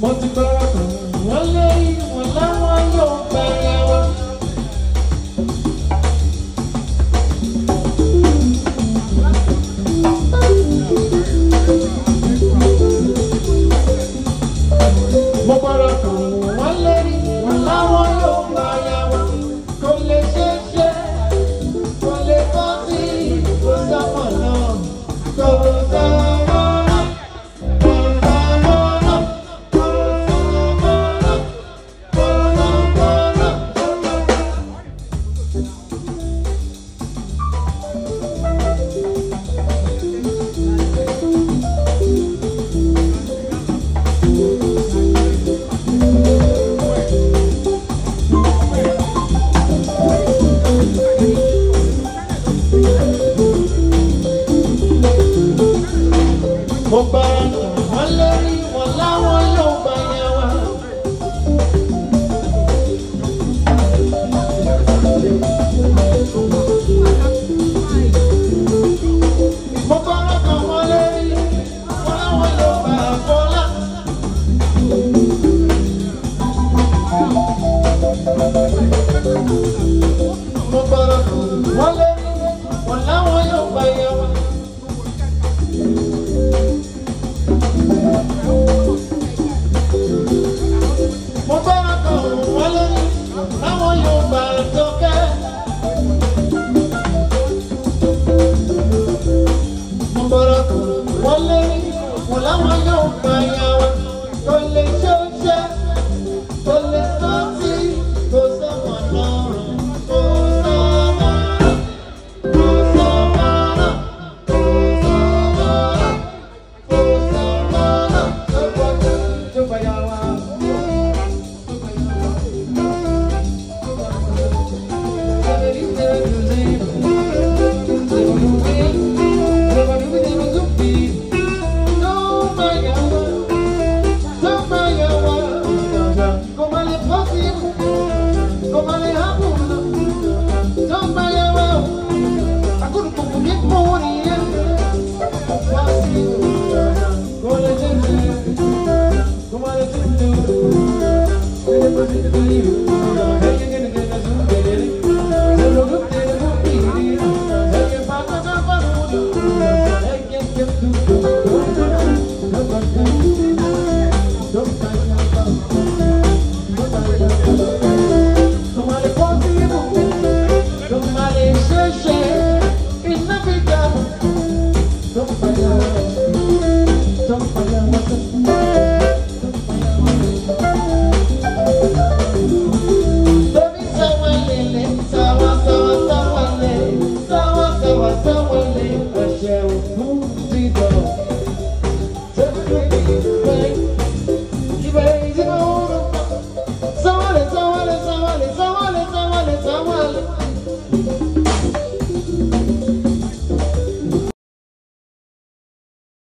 mo ti gbọ́ kan wọ́n lé ìwọ̀n láwọn yóò bẹ̀rẹ̀ my Don't fight